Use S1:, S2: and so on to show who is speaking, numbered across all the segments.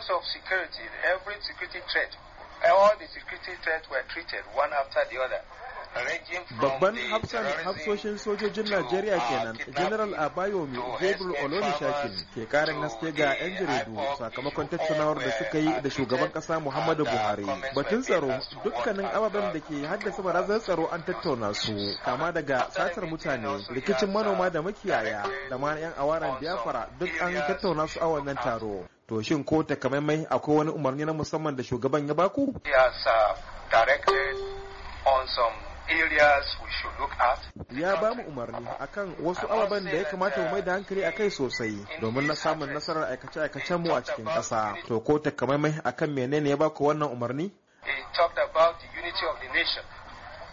S1: issues of security, every security threat, all the security threats
S2: were treated one after the other. Babban
S1: hafsan hafsoshin sojojin Najeriya kenan General Abayomi Gabriel Olonishakin ke karin haske ga 'yan jaridu sakamakon tattaunawar da suka yi da shugaban kasa Muhammadu Buhari. Batun tsaro dukkanin ababen da ke haddasa barazan tsaro an tattauna su kama daga satar mutane, rikicin manoma da makiyaya da ma 'yan awaran biyafara duk an tattauna su a wannan taro. To shin ko mai akwai wani umarni na musamman da shugaban ya baku? Uh, ya ba mu umarni akan wasu ababen da ya kamata mu uh, mai da hankali a kai sosai domin na samun nasarar aikace-aikacen mu a cikin ƙasa. To ko takamaimai akan menene ya baku wannan umarni? He about the the nation.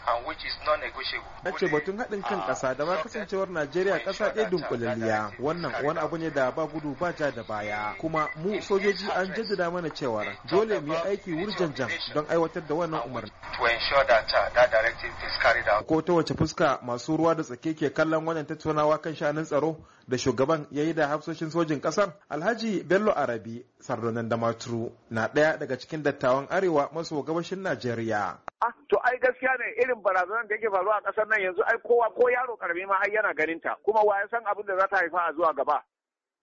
S1: and which is non-negotiable. batun haɗin kan ah, ƙasa da ma kasancewar Najeriya ƙasa ɗaya dunkulaliya wannan wani abu ne da ba gudu ba ja da baya kuma mu sojoji an jaddada mana cewa dole mu yi aiki wurjanjan don aiwatar da wannan umarni. Uh, Ko ta wace fuska masu ruwa da tsake ke kallon wannan tattaunawa kan shanun tsaro da shugaban ya yi da hafsoshin sojin ƙasar Alhaji Bello Arabi Sardonan Damaturu na ɗaya daga cikin dattawan Arewa maso gabashin Najeriya.
S2: Ah, gaskiya ne irin barazanar da yake faruwa a ƙasar nan yanzu ai kowa ko yaro karami ma har yana ganin ta kuma wa ya san abin da za ta haifa a zuwa gaba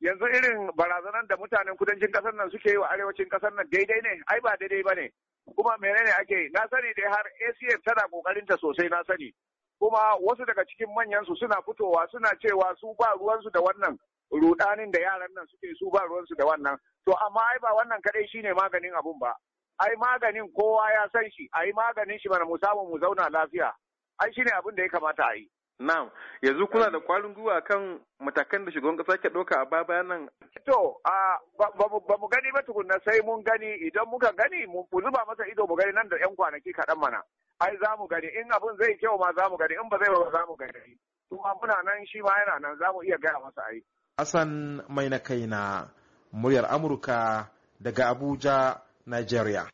S2: yanzu irin barazanar da mutanen kudancin ƙasar nan suke yi wa arewacin ƙasar nan daidai ne ai ba daidai ba ne kuma menene ake na sani dai har ACF tana kokarin ta sosai na sani kuma wasu daga cikin manyan su suna fitowa suna cewa su ba ruwansu da wannan rudanin da yaran nan suke su ba ruwansu da wannan to amma ai ba wannan kadai shine maganin abun ba ai maganin kowa ya san shi ai maganin shi bana mu samu mu zauna lafiya ai shine abin da ya kamata a yi Na'am,
S1: yanzu kuna da eh.
S2: kwarin gwiwa kan matakan da shugaban kasa ke ɗauka a baya nan. To, ba mu gani ba tukunna sai mun gani idan muka gani mu zuba masa ido mu gani nan da 'yan kwanaki kaɗan mana. Ai za mu gani in abin zai kyau ma za mu gani in ba zai ba za mu gani. Kuma muna nan shi ma yana nan za mu iya gaya masa ai.
S1: Hassan mai na kaina muryar Amurka daga Abuja, Nigeria